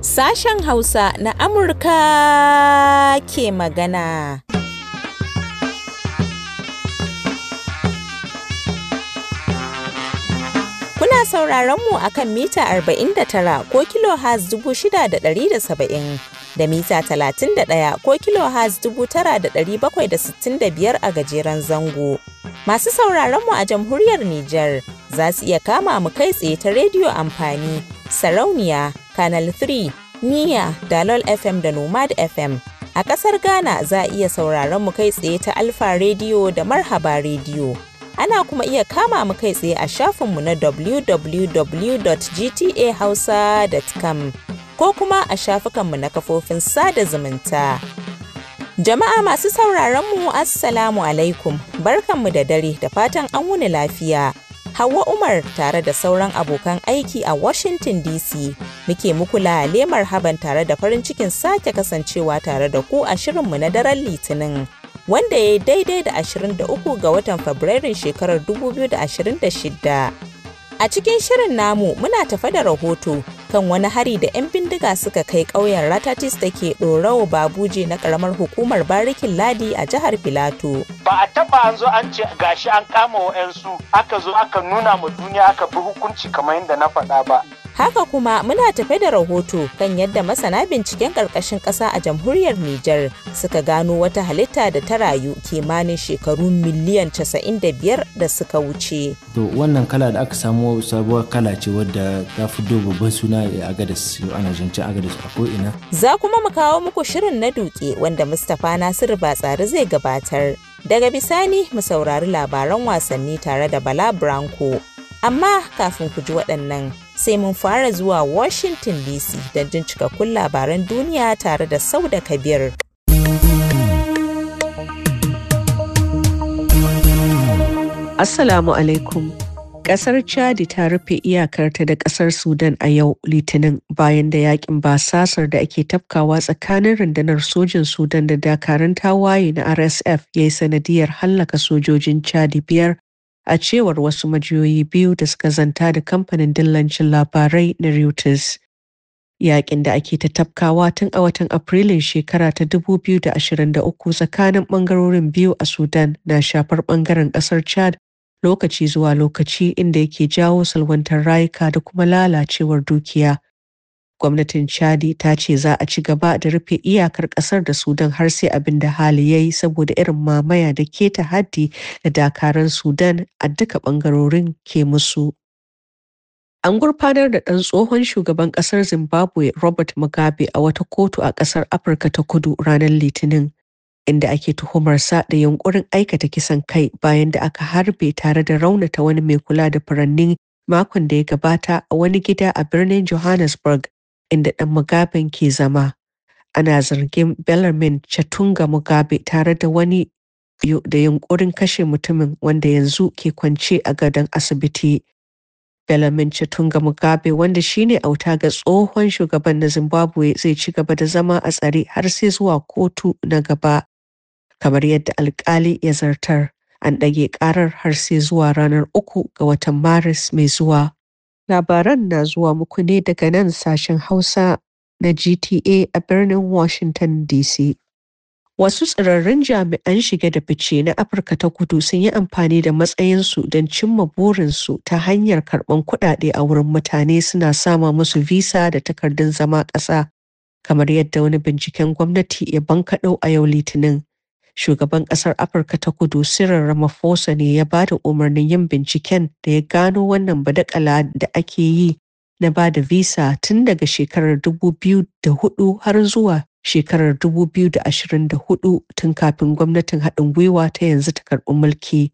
Sashen Hausa na Amurka ke magana. Kuna sauraron mu akan mita 49 ko kilo has da mita 31 ko kilohertz 9765 a gajeren zango. Masu sauraron mu a jamhuriyar Nijar za su iya kama mu kai tsaye ta rediyo amfani, sarauniya, Canal 3, Niya, Dalol FM da Nomad FM. A ƙasar Ghana za a iya sauraron mu kai tsaye ta Alfa rediyo da Marhaba rediyo Ana kuma iya kama mu kai tsaye a shafinmu na www.gtahausa.com. ko kuma a shafukanmu na kafofin sada zumunta. Jama'a masu sauraron mu Assalamu alaikum, barkanmu da dare da fatan an wuni lafiya. Hauwa Umar tare da sauran abokan aiki a Washington DC muke muku lemar haban tare da farin cikin sake kasancewa tare da ku a shirinmu na daren Litinin. wanda ya yi daidai da 23 ga watan Fabrairun shekarar 2026. A cikin shirin namu muna tafa da rahoto kan wani hari da 'yan bindiga suka kai ƙauyen ratatis da ke ɗorawa babuje na ƙaramar hukumar barikin ladi a jihar filato ba a taɓa an zo an ce gashi an kama wa'yansu aka zo aka nuna ma duniya aka bi hukunci kamar yadda na faɗa ba Haka kuma muna tafe da rahoto kan yadda masana binciken ƙarƙashin ƙasa a jamhuriyar Nijar suka gano wata halitta da ta rayu kimanin shekaru miliyan 95 da suka wuce. To wannan kala da aka samu sabuwar kala ce wadda ta fi babban suna a Agadas ana zancen Agadas a ko'ina. Za kuma mu kawo muku shirin na duke wanda Mustapha Nasiru ba tsari zai gabatar. Daga bisani mu saurari labaran wasanni tare da Bala Branko. Amma kafin ku ji waɗannan sai mun fara zuwa Washington DC don jin cikakkun labaran duniya tare da Sauda Kabir. Assalamu alaikum. Ƙasar Chadi ta rufe iyakarta da ƙasar Sudan a yau Litinin bayan da yakin basasar da ake tafkawa tsakanin rundunar sojin Sudan da dakarun tawaye na RSF ya yi sanadiyar hallaka sojojin Chadi biyar a cewar wasu majiyoyi biyu da suka zanta da kamfanin dillancin labarai na Reuters. Yaƙin da ake ta tafkawa tun a watan Afrilun shekara ta 2023 tsakanin ɓangarorin biyu a Sudan na shafar ɓangaren ƙasar Chad lokaci zuwa lokaci inda yake jawo salwantar rayuka da kuma lalacewar dukiya. gwamnatin chadi ta ce za a ci gaba da rufe iyakar kasar da sudan har sai abin da hali ya yi saboda irin mamaya da keta haddi da dakaran sudan a duka bangarorin ke musu An gurfanar da ɗan tsohon shugaban ƙasar Zimbabwe Robert Mugabe a wata kotu a ƙasar Afirka ta kudu ranar Litinin, inda ake tuhumarsa da yunkurin aikata kisan kai bayan da aka harbe tare da raunata wani mai kula da furannin makon da ya gabata a wani gida a birnin Johannesburg inda ɗan Mugaben ke zama. Ana zargin Bellarmin Chatunga Mugabe tare da wani da yunƙurin kashe mutumin wanda yanzu ke kwance a gadon asibiti. Bellarmin Chatunga Mugabe wanda shine auta ga tsohon shugaban na Zimbabwe zai ci gaba da zama a tsare har sai zuwa kotu na gaba. Kamar yadda alkali ya zartar, an ɗage ƙarar har sai zuwa ranar uku ga watan Maris mai zuwa. Labaran na zuwa muku ne daga nan sashen Hausa na GTA a birnin Washington DC. Wasu tsirarrun jami'an shige da fice na Afirka ta kudu sun yi amfani da matsayinsu don cimma burinsu ta hanyar karɓan kuɗaɗe a wurin mutane suna sama musu visa da takardun zama ƙasa, kamar yadda wani binciken gwamnati ya bankaɗo a yau Litinin. shugaban ƙasar Afirka ta Kudu Cyril Ramaphosa ne ya bada umarnin yin binciken da ya gano wannan badakala da ake yi na ba da visa tun daga shekarar 2004 har zuwa shekarar 2024 tun kafin gwamnatin haɗin gwiwa ta yanzu ta karɓi mulki.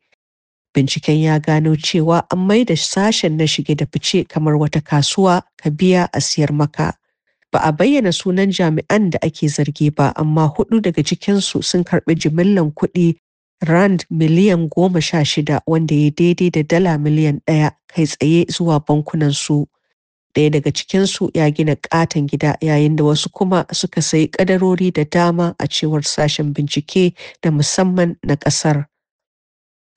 Binciken ya gano cewa an mai da sashen na shige da fice kamar wata kasuwa ka biya a siyar maka. ba a bayyana sunan jami'an da ake zargi ba amma hudu daga cikinsu sun karbi jimillan kuɗi rand miliyan goma sha shida wanda ya daidai da dala miliyan ɗaya kai tsaye zuwa bankunan su ɗaya daga cikinsu ya gina ƙaton gida yayin da wasu kuma suka sayi ƙadarori da dama a cewar sashen bincike da musamman na ƙasar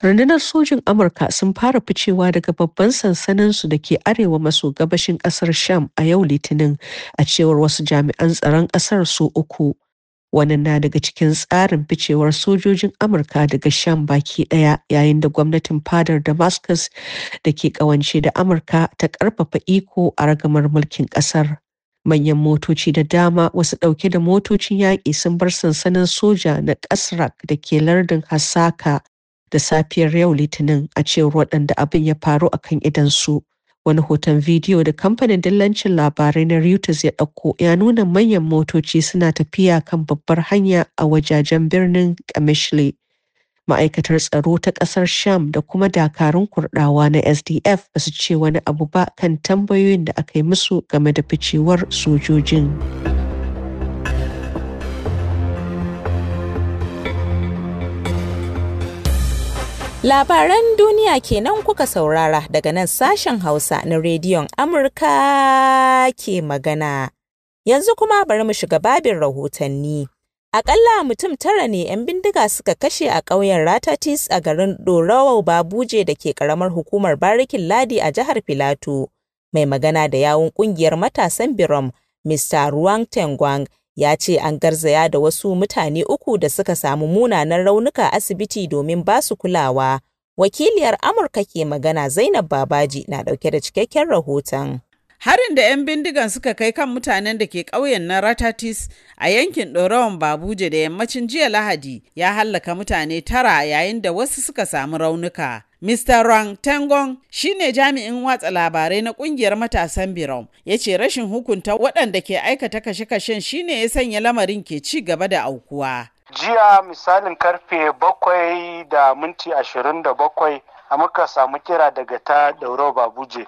rundunar sojin amurka sun fara ficewa daga babban sansaninsu da ke arewa maso gabashin ƙasar sham a yau litinin a cewar wasu jami'an tsaron ƙasar su uku wannan na daga cikin tsarin ficewar sojojin amurka daga sham baki ɗaya, yayin da gwamnatin fadar damascus da ke ƙawance da amurka ta ƙarfafa iko a ragamar mulkin ƙasar. manyan motoci da dama wasu ɗauke da motocin yaƙi sun bar sansanin soja na ƙasrak da ke lardin hasaka da safiyar yau litinin a cewar waɗanda abin ya faru a kan idansu. Wani hoton bidiyo da kamfanin dillancin labarai na Reuters ya ɗauko ya nuna manyan motoci suna tafiya kan babbar hanya a wajajen birnin Kamishli. Ma'aikatar tsaro ta ƙasar Sham da kuma dakarun kurɗawa na SDF ba su ce wani abu ba kan tambayoyin da aka yi musu game da ficewar sojojin. Labaran duniya kenan kuka saurara daga nan sashen Hausa na rediyon Amurka ke magana. Yanzu kuma bari mu shiga babin rahotanni. Aƙalla mutum tara ne 'yan bindiga suka kashe a ƙauyen Ratatis a garin Dorawa Babuje da ke ƙaramar hukumar Barikin Ladi a jihar Filato. Mai magana da yawun ƙungiyar matasan Birom, Mr. Ruwang Tengwang, ya ce an garzaya da wasu mutane uku da suka samu munanan raunuka asibiti domin ba su kulawa. Wakiliyar Amurka ke magana Zainab Babaji na dauke da cikakken rahoton. Harin da 'yan bindigan suka kai kan mutanen da ke ƙauyen na Ratatis a yankin Ɗorawan Babuja da yammacin jiya Lahadi ya hallaka mutane tara yayin da wasu suka samu raunuka. Mr. Rang Tengong shi ne jami'in watsa labarai na kungiyar matasan Birom ya ce rashin hukunta waɗanda ke aikata kashe-kashen shi ne ya sanya lamarin ke ci gaba da aukuwa. Jiya misalin karfe bakwai da minti ashirin da bakwai a muka samu kira daga ta dauro babuje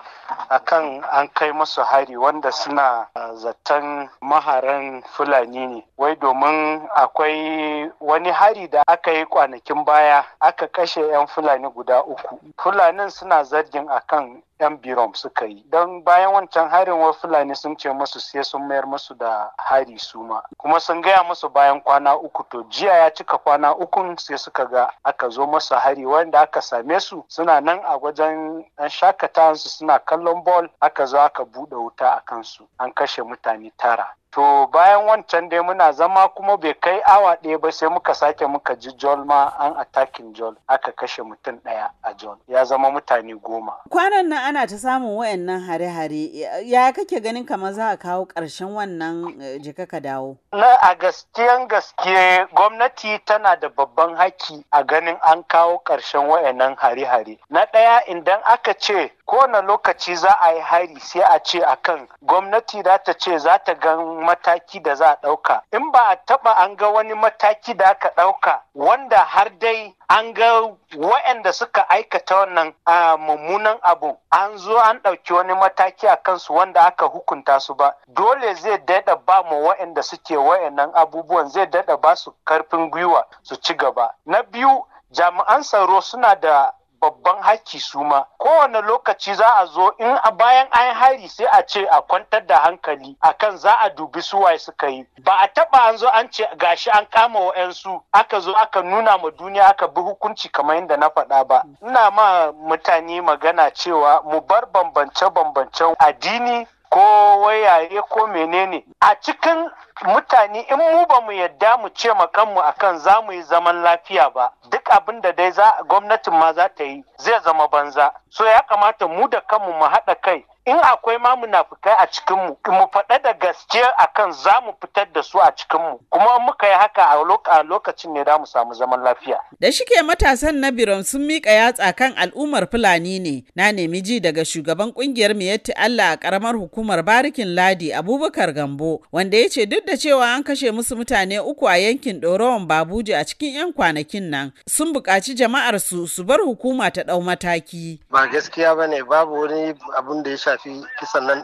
akan an kai masu hari wanda suna ah, zaton maharan fulani ne wai domin akwai wani hari da aka yi kwanakin baya aka kashe 'yan fulani guda uku fulanin suna zargin akan 'yan birom suka yi don bayan wancan harin wa fulani sun ce masu sai sun mayar masu da hari suma kuma sun gaya masu bayan kwana uku to jiya ya cika kwana ukun sai suka ga aka zo masu hari wanda aka same su suna nan a wajen dan shakatawansu suna kallon bol aka zo aka buɗe wuta a kansu an kashe mutane tara to bayan wancan dai muna zama kuma bai kai awa ɗaya ba sai muka sake muka ji jol ma an atakin jol aka kashe mutum ɗaya a jol ya zama mutane goma kwanan nan ana ta samun wayannan hare-hare ya kake ganin kamar za a kawo ƙarshen wannan eh, jika ka dawo na a gaskiyan gaske gwamnati tana da babban haki a ganin an kawo ƙarshen wayannan hare-hare na ɗaya idan aka ce kowane lokaci za a yi hari sai a ce akan gwamnati za ta ce za ta gan mataki da za a ɗauka in ba a taɓa an ga wani mataki da aka ɗauka wanda har dai an ga waɗanda suka aikata wannan mummunan abu an zo an ɗauki wani mataki a kansu wanda aka hukunta su ba dole zai daɗa ba mu wa'anda suke wa'annan abubuwan zai daɗa ba su karfin gwiwa su ci gaba na biyu jami'an tsaro suna da babban hakki su ma kowane lokaci za a zo in a bayan an hari sai a ce a kwantar da hankali akan za a dubi su waye suka yi ba a taɓa an zo an ce gashi an kama wa'yansu aka zo aka nuna ma duniya aka bi hukunci kamar yadda na faɗa ba ina ma mutane magana cewa mu bar bambance-bambancen addini ko wayaye ko menene a cikin mutane in mu ba mu yadda mu ce ma kanmu akan za mu yi zaman lafiya ba duk abin da dai za gwamnatin ma za ta yi zai zama banza so ya kamata mu da kanmu mu haɗa kai in akwai ma munafukai a cikinmu mu faɗa da gaske akan za mu fitar da su a cikinmu kuma muka yi haka a lokacin ne da mu samu zaman lafiya. Da shike matasan na Biron sun miƙa yatsa kan al'ummar Fulani ne na nemi ji daga shugaban ƙungiyar Miyatti Allah a ƙaramar hukumar Barikin Ladi Abubakar Gambo wanda ya ce duk da cewa an kashe musu mutane uku a yankin Ɗorawan Babuji a cikin 'yan kwanakin nan sun buƙaci jama'ar su su bar hukuma ta ɗau mataki. Ba gaskiya ba ne babu wani abun da ya shafi kisan nan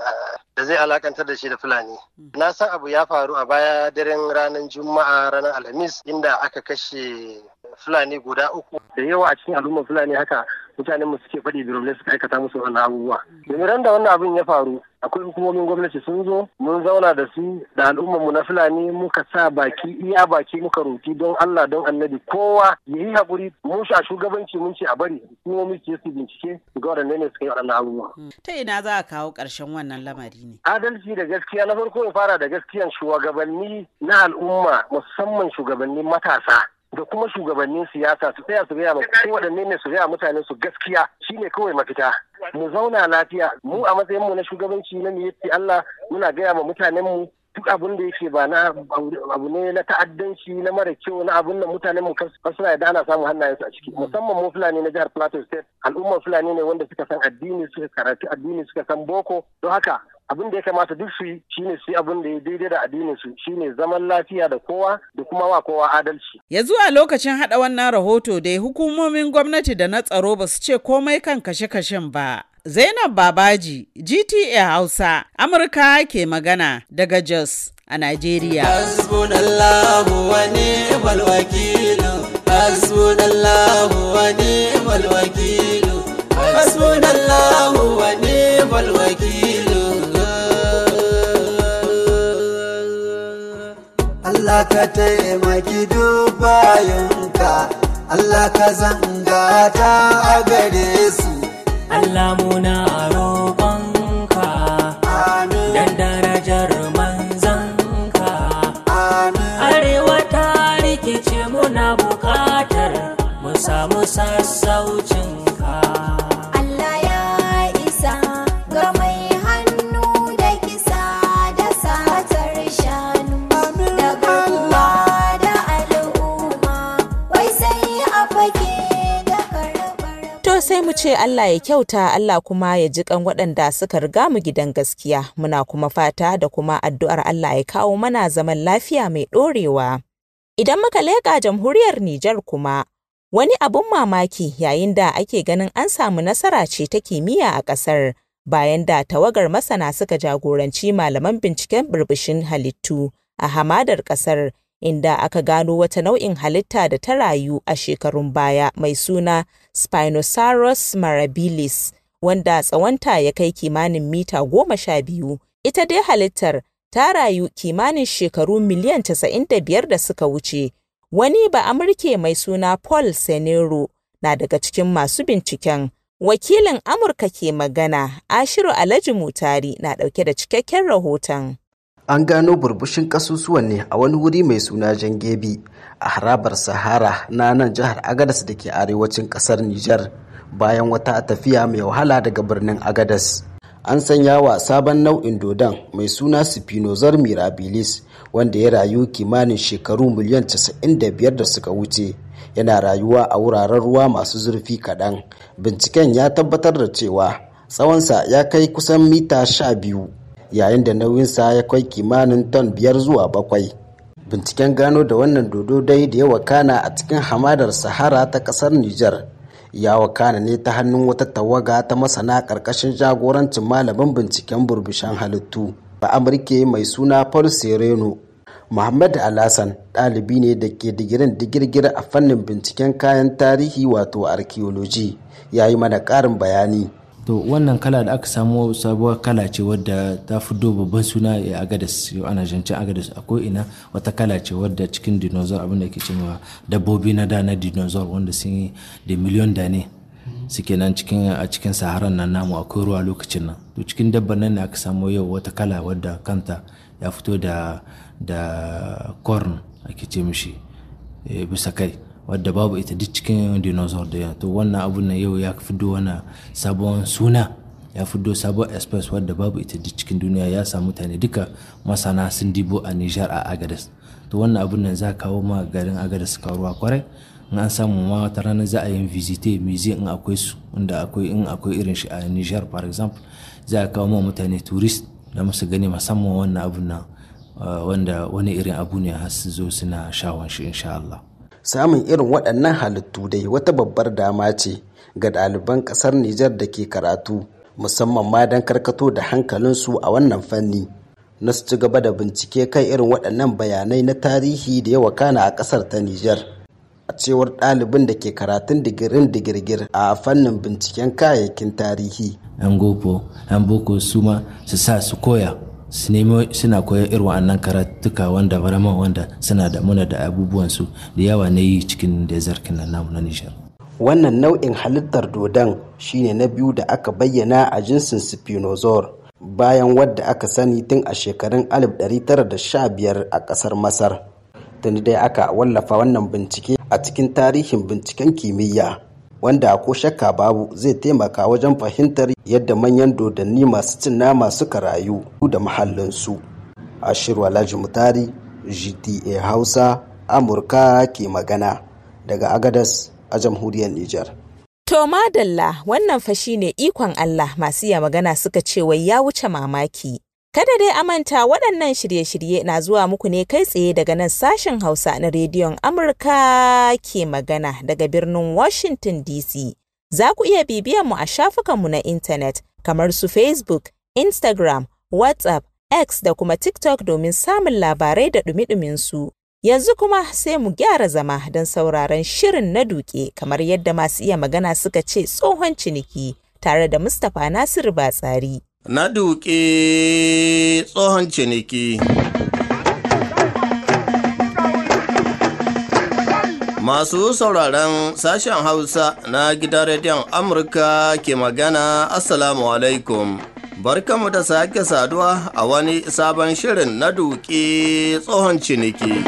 da zai alakantar da shi da Fulani. Hmm. Na san abu ya faru a baya daren ranar Juma'a ranar Alhamis inda aka kashe Fulani guda uku da yawa a cikin al'ummar Fulani haka mutanen mu suke faɗi birnin suka aikata musu wannan abubuwa. Hmm. Domin da wannan abin ya faru akwai hukumomin gwamnati sun zo mun zauna da su da al'ummar mu na fulani muka sa baki iya baki muka roki don Allah don annabi kowa ya yi hakuri mun sha shugabanci mun ce a bari hukumomi ke su bincike ga wannan ne suka yi waɗannan abubuwa. Hmm. Ta ina za a kawo karshen wannan lamari ne? Adalci da gaskiya na farko in fara da gaskiyan shugabanni na al'umma musamman shugabannin matasa da kuma shugabannin siyasa su tsaya su gaya ma ne su gaya mutane su gaskiya shine kawai mafita mu zauna lafiya mu a matsayin mu na shugabanci na mu Allah muna gaya ma mutanen mu duk abun da yake ba na abu ne na ta'addanci na mara kyau na abun da mutanen mu suna yadda ana samun hannayensu a ciki musamman mu fulani na jihar plateau state al'ummar fulani ne wanda suka san addini suka karatu addini suka san boko don haka abin da ya kamata duk su yi shine su abin da ya daidai da addinin su shine zaman lafiya da kowa da kuma wa kowa adalci. Ya zuwa lokacin haɗa wannan rahoto da hukumomin gwamnati da na tsaro ba su ce komai kan kashe-kashen ba. Zainab Babaji, GTA Hausa, Amurka ke magana daga Jos a Najeriya. Hasbunallahu wa ni'mal wakilu, hasbunallahu wa ni'mal wakilu, Allah ka taimaki duk Allah ka zanga ta a gare su Allah muna roƙonka Amin dan darajar Allah ya kyauta Allah kuma ya ji kan waɗanda suka riga mu gidan gaskiya muna kuma fata da kuma addu'ar Allah ya kawo mana zaman lafiya mai ɗorewa. Idan muka leƙa jamhuriyar Nijar kuma wani abun mamaki yayin da ake ganin an samu nasara ce ta kimiyya a ƙasar bayan da tawagar masana suka jagoranci malaman binciken birbishin halittu a hamadar ƙasar inda aka gano wata nau'in halitta da ta rayu a shekarun baya mai suna Spinosaurus marabilis, wanda tsawonta ya kai kimanin mita goma sha biyu, ita dai halittar ta rayu kimanin shekaru miliyan casa'in da biyar da suka wuce. Wani Ba'amurke mai suna Paul senero na daga cikin masu binciken. Wakilin Amurka ke magana, Ashiru Alhaji Mutari na ɗauke da cikakken rahoton. An gano burbushin ƙasusuwan ne a wani wuri mai suna Jangebi a harabar Sahara na nan jihar Agadas da ke arewacin ƙasar Nijar bayan wata tafiya mai wahala daga birnin Agadas. An sanya wa sabon nau'in dodon mai suna Spinozar mirabilis wanda ya rayu kimanin shekaru miliyan 95 da suka wuce. Yana rayuwa a wuraren ruwa masu zurfi kaɗan. Binciken ya tabbatar da cewa tsawonsa ya kai kusan mita sha biyu yayin da nauyin sa ya kai kimanin ton biyar zuwa bakwai binciken gano da wannan dodo dai da ya wakana a cikin hamadar sahara ta ƙasar Nijar ya wakana ne ta hannun wata tawaga ta masana karkashin jagorancin malamin binciken burbushan halittu ba amurke mai suna paul sereno Muhammad Alasan ɗalibi ne da ke digirin digirgir a fannin binciken kayan tarihi wato archaeology ya yi mana ƙarin bayani. to wannan kala da aka samu sabuwar kala ce wadda ta fi babban suna a agadas ana jancin agadas a ina wata kala ce wadda cikin dinosaur abin da ke cewa dabbobi na da na dinosaur wanda sun yi da miliyon da ne suke nan cikin a cikin saharan nan namu akwai ruwa lokacin nan to cikin dabban nan ne aka samu yau wata kala wadda kanta ya fito da da corn ake ce mishi eh, bisa kai wadda babu ita duk cikin dinosaur da to wannan abun na yau ya fiddo wani sabon suna ya fiddo sabon express wadda babu ita duk cikin duniya ya sa mutane duka masana sun dibo a nijar a agadas to wannan abun nan za kawo ma garin agadas karuwa kwarai in an samu ma wata rana za a yi visite mizi in akwai su inda akwai in akwai irin shi a nijar for example za a kawo ma mutane turist da musu gani musamman wannan abun nan ah, wanda wani irin abu ne har su zo suna shawon shi insha Allah samun irin waɗannan halittu dai wata babbar dama ce ga ɗaliban ƙasar nijar da ke karatu musamman ma don karkato da hankalinsu a wannan fanni na su ci gaba da bincike kan irin waɗannan bayanai na tarihi da ya wakana a ƙasar ta nijar a cewar ɗalibin da ke karatun digirin digirgir a fannin binciken kayayyakin tarihi 'yan gopo 'yan boko suma su sa su koya su nemi suna koyar irin wannan karatuka wanda barama wanda suna da muna da abubuwansu da yawa na yi cikin dezarkin nan namu na nishar wannan nau'in halittar dodon shine na biyu da aka bayyana a jinsin spinosaur bayan wadda aka sani tun a shekarun 1915 a ƙasar masar tun dai aka wallafa wannan bincike a cikin tarihin binciken kimiyya wanda ko shakka babu zai taimaka wajen fahimtar yadda manyan dodanni masu cin nama suka rayu da mahallinsu. a Walaji Mutari, GTA Hausa, Amurka ke magana daga Agadas a jamhuriyar Nijar. To madalla wannan fashi ne ikon Allah masu iya magana suka ce wai ya wuce mamaki. Kada dai a manta waɗannan shirye-shirye na zuwa muku ne kai tsaye daga nan sashen Hausa na rediyon Amurka ke magana daga birnin Washington DC. Za ku iya bibiyan mu a shafukanmu na intanet kamar su Facebook, Instagram, WhatsApp, X da kuma TikTok domin samun labarai da ɗumi su. Yanzu kuma sai mu gyara zama don sauraron shirin na duke kamar yadda masu iya magana suka ce tsohon ciniki tare da Mustapha Nasiru Batsari. na duƙe tsohon ciniki masu sauraron sashen hausa na gidan rediyon amurka ke magana assalamu alaikum barkamu da sake saduwa a wani sabon shirin na duƙe tsohon ciniki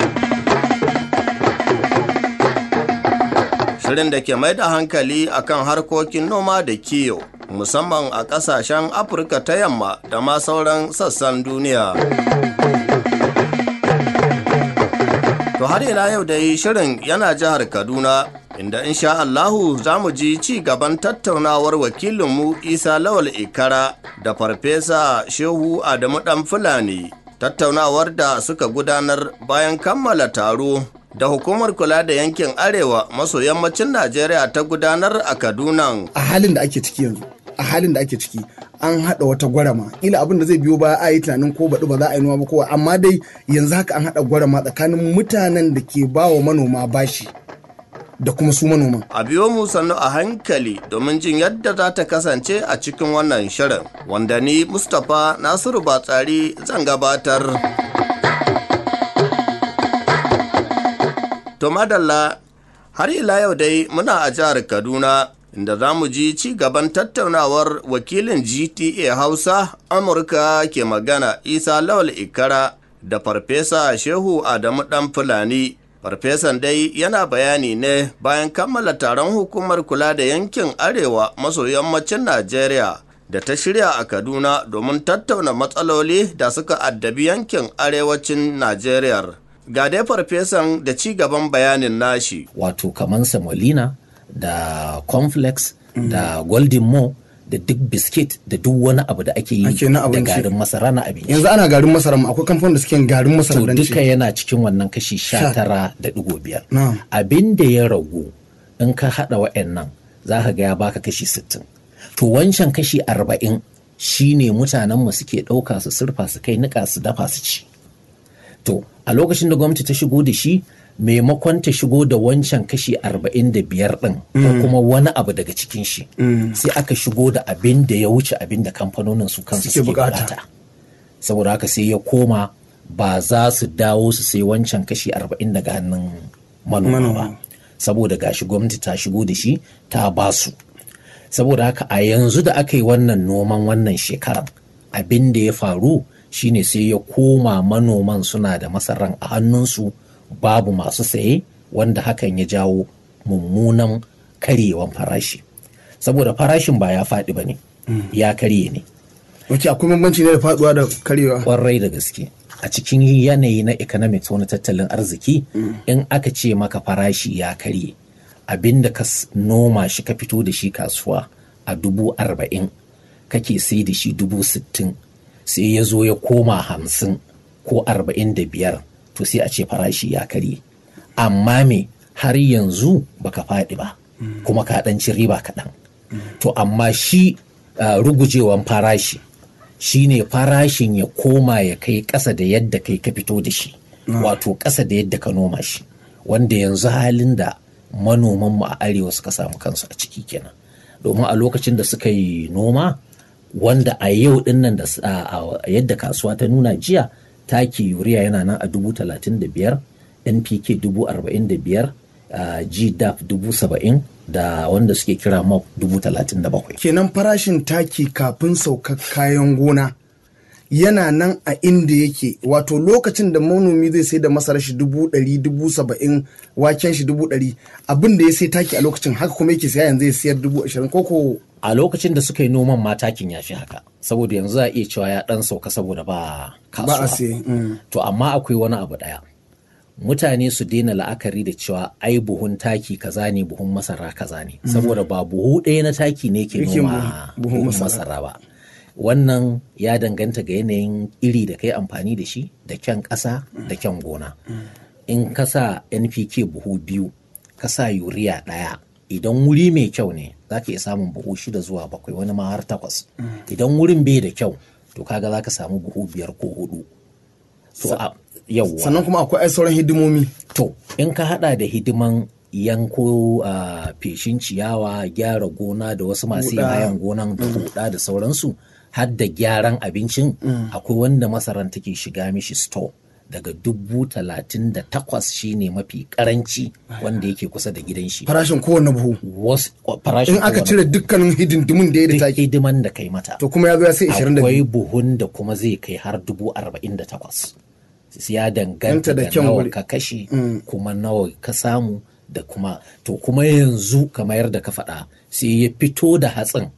shirin da ke mai da hankali akan harkokin noma da kiyo musamman a ƙasashen afirka ta yamma da ma sauran sassan duniya to har ina yau da yi shirin yana jihar kaduna inda insha Allahu za mu ji ci gaban tattaunawar wakilinmu Isa Lawal Ikara da Farfesa Shehu Adamu Dan Fulani tattaunawar da suka gudanar bayan kammala taro da hukumar kula da yankin arewa maso yammacin Najeriya ta gudanar a Kaduna. A halin da ake ciki yanzu halin da ake ciki an haɗa wata gwarama ila abin da zai biyo ba a yi tunanin ko baɗi ba za a yi noma ba kowa amma dai yanzu haka an haɗa gwarama tsakanin mutanen da ke ba wa manoma bashi da kuma su manoman. A biyo mu sannu a hankali domin jin yadda za ta kasance a cikin wannan shirin wanda ni Mustapha Nasiru Batsari zan gabatar. To madalla har ila yau dai muna a jihar Kaduna inda za mu ji ci gaban tattaunawar wakilin GTA Hausa Amurka ke magana Isa Lawal Ikara da Farfesa Shehu Adamu Dan Fulani. Farfesan dai yana bayani ne bayan kammala taron hukumar kula da yankin Arewa maso yammacin Najeriya da ta shirya a Kaduna domin tattauna matsaloli da suka addabi yankin Arewacin Najeriya. Ga dai farfesan da ci gaban bayanin nashi. Wato kamar Samolina da complex da golden mo da duk biskit da duk wani abu da ake yi da garin masara na abinci yanzu ana garin masara mu akwai kamfanin da suke garin masara to duka yana cikin wannan kashi sha tara da digo biyar abin da ya ragu in ka haɗa wa'annan za ka ga ya baka kashi sittin to wancan kashi arba'in shine mutanen mu suke ɗauka su surfa su kai niƙa su dafa su ci to a lokacin da gwamnati ta shigo da shi maimakon ta shigo da wancan kashi arba'in da biyar ɗin ko mm. kuma wani abu daga cikin shi mm. sai aka shigo da abin da ya wuce abin da kamfanonin su kansu suke bukata saboda haka sai ya koma ba za su dawo su sai wancan kashi arba'in daga hannun manoma ba saboda gashi gwamnati ta shigo da shi ta ba su saboda haka a yanzu da aka yi wannan noman wannan shekaran abin da ya faru shine sai ya koma manoman suna da masaran a hannunsu babu masu saye wanda hakan ya jawo mummunan karyewan farashi saboda farashin ba ya faɗi ba ne hmm. ya karye ne wace akwai banci ne da faɗuwa da karyewa kwarai da gaske a cikin yanayi na economics wani tattalin arziki hmm. in aka ce maka farashi ya karye abinda ka noma shi ka fito da shi kasuwa a dubu arba'in kake sai da shi dubu sittin sai ya zo ya koma hamsin ko arba'in da biyar to sai a ce farashi ya karye amma me har yanzu baka faɗi ba kuma ka ɗan ci riba kaɗan to amma shi rugujewan farashi shi ne farashin ya koma ya kai ƙasa da yadda kai ka fito da shi wato ƙasa da yadda ka noma shi wanda yanzu halin da manomanmu a arewa suka samu kansu a ciki kenan domin a lokacin da suka yi noma wanda a yau nan da yadda kasuwa ta nuna jiya taki urea yana nan a dubu talatin da biyar npk dubu arba'in da biyar gdap dubu saba'in da wanda suke kira mop dubu talatin da bakwai kenan farashin taki kafin saukar kayan gona yana nan a inda yake wato lokacin da manomi zai sai da masarar shi dubu ɗari dubu saba'in waken shi dubu ɗari abin ya sai taki a lokacin haka kuma yake siya yanzu ya sayar dubu ashirin koko a lokacin da suka yi noman ma takin ya fi haka saboda yanzu za a iya cewa ya ɗan sauka saboda ba kasuwa ba a mm. to amma akwai wani abu ɗaya mutane su daina la'akari da cewa ai buhun taki kaza ne buhun masara kaza ne mm. saboda ba buhu ɗaya na taki ne ke noma buhun masara ba wannan ya danganta ga yanayin iri da kai amfani da shi da kyan ƙasa da kyan gona in ka sa npk buhu biyu ka sa yuriya ɗaya idan wuri mai kyau ne za ka iya samun buhu shida zuwa bakwai wani ma har takwas idan wurin bai da kyau to kaga za ka samu buhu biyar ko hudu sannan kuma akwai sauran hidimomi to in ka hada da hidiman yanko a feshin ciyawa gyara gona da wasu masu yin hayan gonan da mm. da sauransu har da gyaran abincin mm. akwai wanda masaran take shiga mishi store daga dubu talatin da takwas shine mafi karanci wanda yake kusa da gidan shi farashin kowane buhu in aka cire dukkanin hidindimin da ya da take hidiman da kai mata to kuma ya zo ya sai 22 akwai buhun da kuma zai kai har dubu arba'in da takwas ya danganta da nawa ka kashe mm. kuma nawa ka samu da kuma to kuma yanzu kamar yadda ka faɗa sai ya fito da hatsin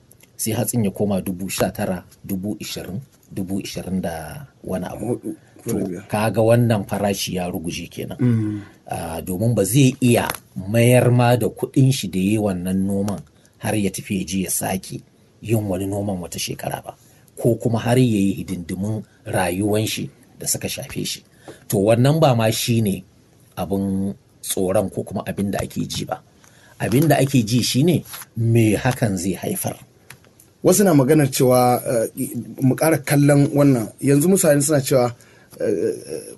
sai hatsin ya koma dubu sha tara dubu ishirin dubu ishirin da wani abu to ga wannan farashi ya ruguje kenan mm. ah, domin ba zai iya mayar ma da kuɗin shi da yi wannan noman har ya tafi ya je ya sake yin wani noman wata shekara ba ko kuma har ya yi hidindimin rayuwan shi da suka shafe shi to wannan ba ma shi ne abin tsoron ko kuma abin da ake ji ba abin da ake ji shine me hakan zai haifar wasu na maganar cewa eh, mu ƙara kallon wannan yanzu mutane suna cewa eh,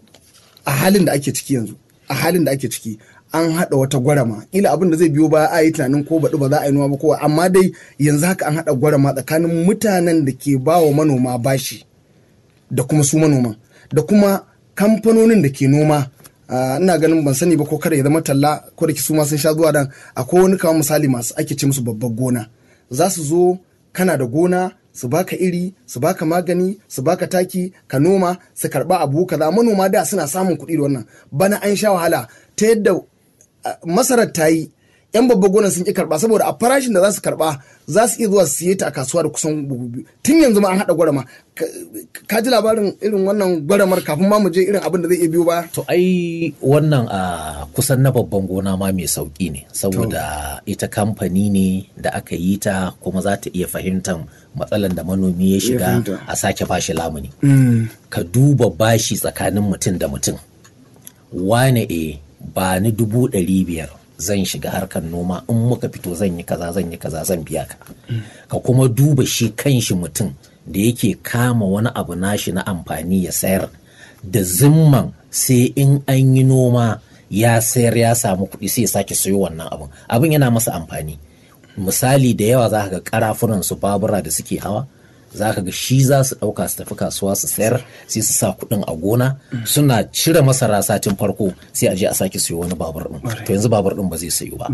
a halin da ake ciki yanzu a halin da ake ciki an haɗa wata gwarama ila abin da zai biyo ba a yi tunanin ko baɗi ba za a yi noma ba kowa amma dai yanzu haka an haɗa gwarama tsakanin mutanen da ke ba wa manoma bashi da kuma su manoma. da kuma kamfanonin da ke noma ah, ina ganin ban sani ba ko kada ya zama talla ko da su ma sun sha zuwa dan akwai wani kamar misali masu ake ci musu babbar gona za su zo kana da gona su baka iri su baka magani su baka taki ka noma su karba abu kaza manoma da suna samun kuɗi da wannan bana an sha wahala ta yadda masarar ta yi yan babban gonan sun ki karba saboda a farashin da za su karba za su iya zuwa su siye ta a kasuwa da kusan buhu biyu tun yanzu ma an haɗa gwarama ka ji labarin irin wannan gwaramar kafin ma mu je irin abin da zai iya biyo ba. to ai wannan a kusan na babban gona ma mai sauki ne saboda ita kamfani ne da aka yi ta kuma za ta iya fahimtar matsalan da manomi ya shiga a sake bashi lamuni mm. ka duba bashi tsakanin mutum da mutum wane e ba ni dubu ɗari biyar zan shiga harkar noma in muka fito zan yi kaza zan yi kaza zan biya ka ka kuma duba shi kanshi mutum da yake kama wani abu nashi na amfani ya sayar da zimman sai in an yi noma ya sayar ya samu kuɗi sai ya sake sayo wannan abun abin yana masa amfani misali da yawa za ka ga karafunan su babura da suke hawa za ka ga shi za su ɗauka su tafi kasuwa su sayar sai su sa kuɗin a gona suna cire masara satin farko sai a je a sake sayo wani babur ɗin to yanzu babur ɗin ba zai sayo ba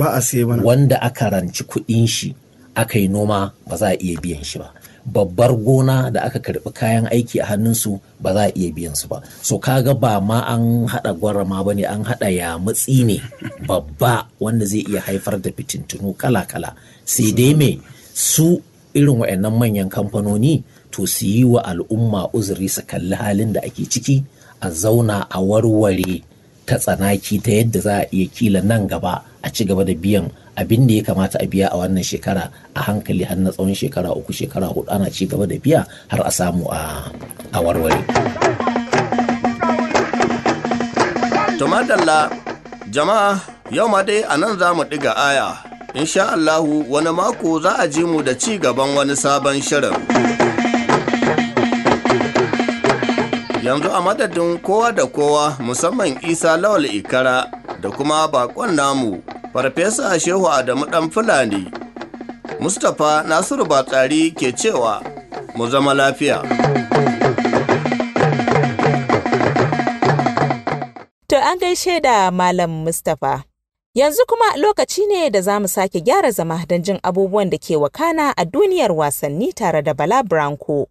wanda aka ranci kuɗin shi aka yi noma ba za a iya biyan shi ba babbar gona da aka karɓi kayan aiki a hannunsu ba za a iya biyan su ba so ga ba ma an haɗa gwarama ba ne an hada matsi ne babba wanda zai iya haifar da fitintunu kala-kala sai dai me su irin wa'annan manyan kamfanoni to su yi wa al'umma uzuri su kalli halin da ake ciki a zauna a warware ta tsanaki ta yadda za a iya kila nan gaba a ci gaba da biyan abin da ya kamata a biya a wannan shekara a hankali har na tsawon shekara uku shekara hudu ana ci gaba da biya har a samu a warware. Tumadalla jama'a yau ma dai a nan za mu ɗiga aya insha Allahu wani mako za a ji mu da ci gaban wani sabon shirin. Yanzu a madadin kowa da kowa musamman Isa Lawal Ikara da kuma bakon namu, Farfesa Shehu Adamu ɗan Fulani, Mustapha Nasiru Batsari ke cewa mu zama lafiya. To an gaishe da Malam Mustapha. Yanzu kuma lokaci ne da za mu sake gyara zama don jin abubuwan da ke wakana a duniyar wasanni tare da Bala Branko.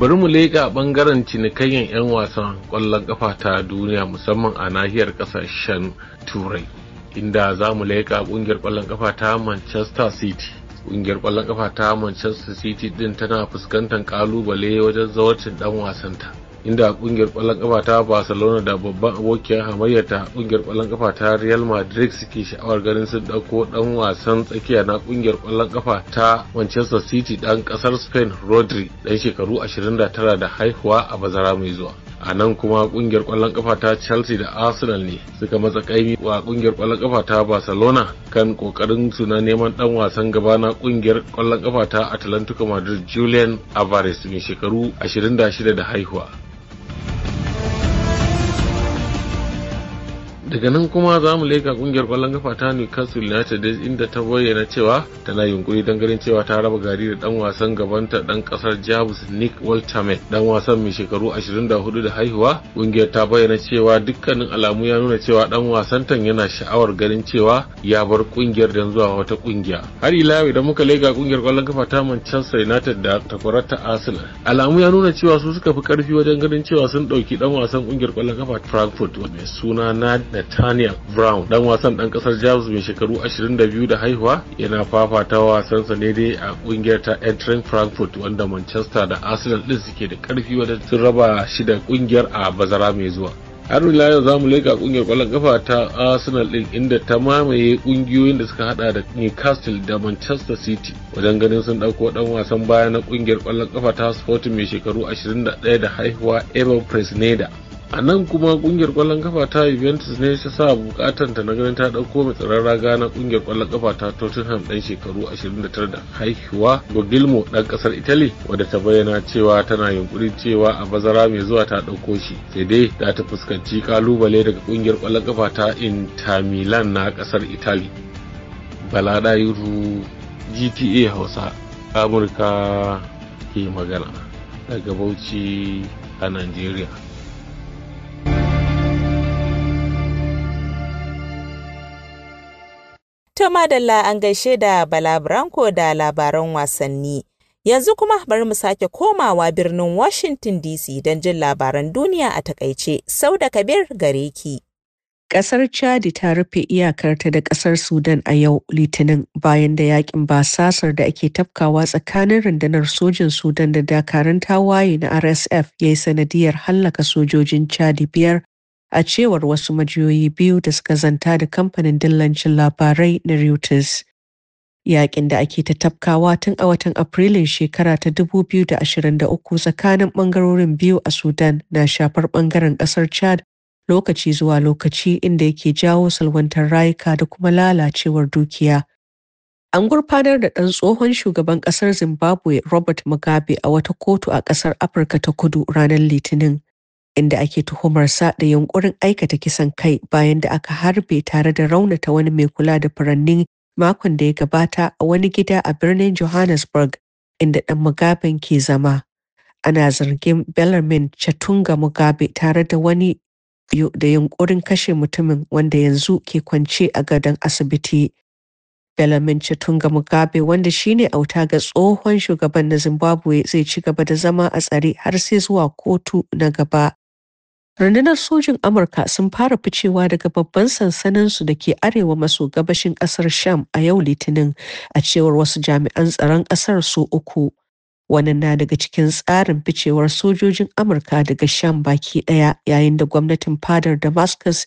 bari mu leƙa ɓangaren cinikayyar 'yan wasan ƙwallon ƙafa ta duniya musamman a nahiyar ƙasashen turai inda za mu leƙa ƙungiyar ƙwallon ƙafa ta manchester city ƙungiyar ƙwallon ƙafa ta manchester city ɗin tana fuskantar ƙalubale wajen zawarcin ɗan wasanta inda kungiyar kwallon kafa ta barcelona da babban abokiyar hamayya ta kungiyar kwallon kafa ta real madrid suke sha'awar ganin su dauko dan wasan tsakiya na kungiyar kwallon kafa ta manchester city dan kasar spain rodri dan shekaru 29 da haihuwa a bazara mai zuwa a nan kuma kungiyar kwallon kafa ta chelsea da arsenal ne suka matsa kaimi wa kungiyar kwallon kafa ta barcelona kan kokarin su na neman dan wasan gaba na kungiyar kwallon kafa ta atlantico madrid julian alvarez mai shekaru 26 da haihuwa daga nan kuma za mu leka kungiyar kwallon kafa ta newcastle united inda ta bayyana cewa tana yunkuri Dan ganin cewa ta raba gari da dan wasan gaban ta dan kasar Jabus nick walterman dan wasan mai shekaru 24 da haihuwa kungiyar ta bayyana cewa dukkanin alamu ya nuna cewa dan wasan tan yana sha'awar ganin cewa ya bar kungiyar don zuwa wata kungiya har ila idan muka leka kungiyar kwallon kafa ta manchester united da takwarar ta arsenal alamu ya nuna cewa su suka fi karfi wajen ganin cewa sun dauki dan wasan kungiyar kwallon kafa frankfurt wanda suna na Nathaniel Brown dan wasan dan kasar Jamus mai shekaru 22 da haihuwa yana fafata wasansa ne dai a kungiyar ta Eintracht Frankfurt wanda Manchester da Arsenal din suke da karfi wajen sun raba shi da kungiyar a bazara mai zuwa. har ila yau za mu leka kungiyar kwallon kafa ta arsenal din inda ta mamaye kungiyoyin da suka hada da newcastle da manchester city wajen ganin sun dauko dan wasan baya na kungiyar kwallon kafa ta sporting mai shekaru 21 da haihuwa evan presneda a nan kuma kungiyar kwallon kafa ta juventus ne ta sa bukatan ta na ganin ta dauko mai tsaron raga na kungiyar kwallon kafa ta tottenham dan shekaru 29 da haihuwa gogilmo dan kasar italy wadda ta bayyana cewa tana yunkuri cewa a bazara mai zuwa ta dauko shi sai dai za ta fuskanci kalubale daga kungiyar kwallon kafa ta inter milan na kasar italy bala dayuru gta hausa amurka ke magana daga bauchi a nigeria madalla an gaishe da Bala Branko da labaran wasanni. Yanzu kuma bari mu sake komawa birnin Washington DC don jin labaran duniya a takaice. Sau da Kabir gare ki. Ƙasar Chadi ta rufe iyakarta da ƙasar Sudan a yau Litinin bayan da yakin basasar da ake tafkawa tsakanin rundunar sojin Sudan da dakarun tawaye na RSF ya yi sanadiyar hallaka sojojin Chadi biyar a cewar wasu majiyoyi biyu da suka zanta da kamfanin dillancin labarai na Reuters. Yaƙin da ake ta tafkawa tun a watan Afrilun shekara ta 2023 tsakanin ɓangarorin biyu a Sudan na shafar ɓangaren ƙasar Chad lokaci zuwa lokaci inda yake jawo salwantar rayuka da kuma lalacewar dukiya. An gurfanar da ɗan tsohon shugaban ƙasar Zimbabwe Robert Mugabe a wata kotu a ƙasar Afirka ta kudu ranar Litinin. inda ake tuhumar sa da yunkurin aikata kisan kai bayan da aka harbe tare da raunata wani mai kula da furanni makon da ya gabata a wani gida a birnin Johannesburg inda ɗan Mugaben ke zama. Ana zargin Bellarmine Chatunga Mugabe tare da wani da yunkurin kashe mutumin wanda yanzu ke kwance a gadon asibiti. Bellarmin Chatunga Mugabe wanda shine auta ga tsohon shugaban na Zimbabwe zai ci gaba da zama a tsare har sai zuwa kotu na gaba. Rundunar Sojin Amurka sun fara ficewa daga babban sansaninsu da ke arewa maso gabashin ƙasar Sham a yau Litinin, a cewar wasu jami'an tsaron ƙasar su uku. Wannan na daga cikin tsarin ficewar sojojin Amurka daga Sham baki ɗaya yayin da gwamnatin fadar Damascus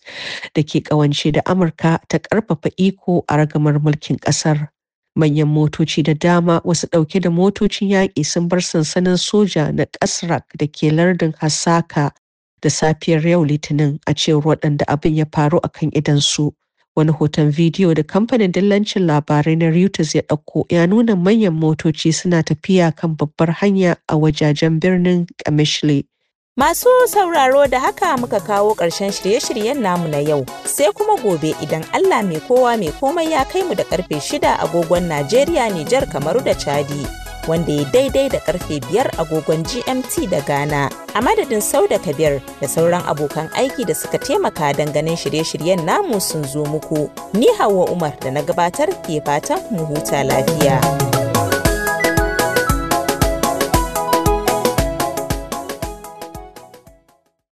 da ke ƙawance da Amurka ta ƙarfafa iko a ragamar mulkin ƙasar. manyan motoci da dama wasu ɗauke da motocin yaƙi sun bar sansanin soja na ƙasrak da ke lardin hasaka da safiyar yau litinin a cewar waɗanda abin ya faru a kan idansu. Wani hoton bidiyo da kamfanin dillancin labarai na Reuters ya ɗauko ya nuna manyan motoci suna tafiya kan babbar hanya a wajajen birnin Kamishli. Masu sauraro da haka muka kawo ƙarshen shirye-shiryen namu na yau, sai kuma gobe idan Allah mai kowa mai komai ya kai mu da ƙarfe shida agogon Najeriya, Nijar, Kamaru da Chadi. wanda ya daidai da karfe 5 agogon GMT da Ghana. A madadin sau da Kabir da sauran abokan aiki da suka taimaka don ganin shirye-shiryen namu sun zo muku. Ni hawa Umar da na gabatar ke fatan mu huta lafiya.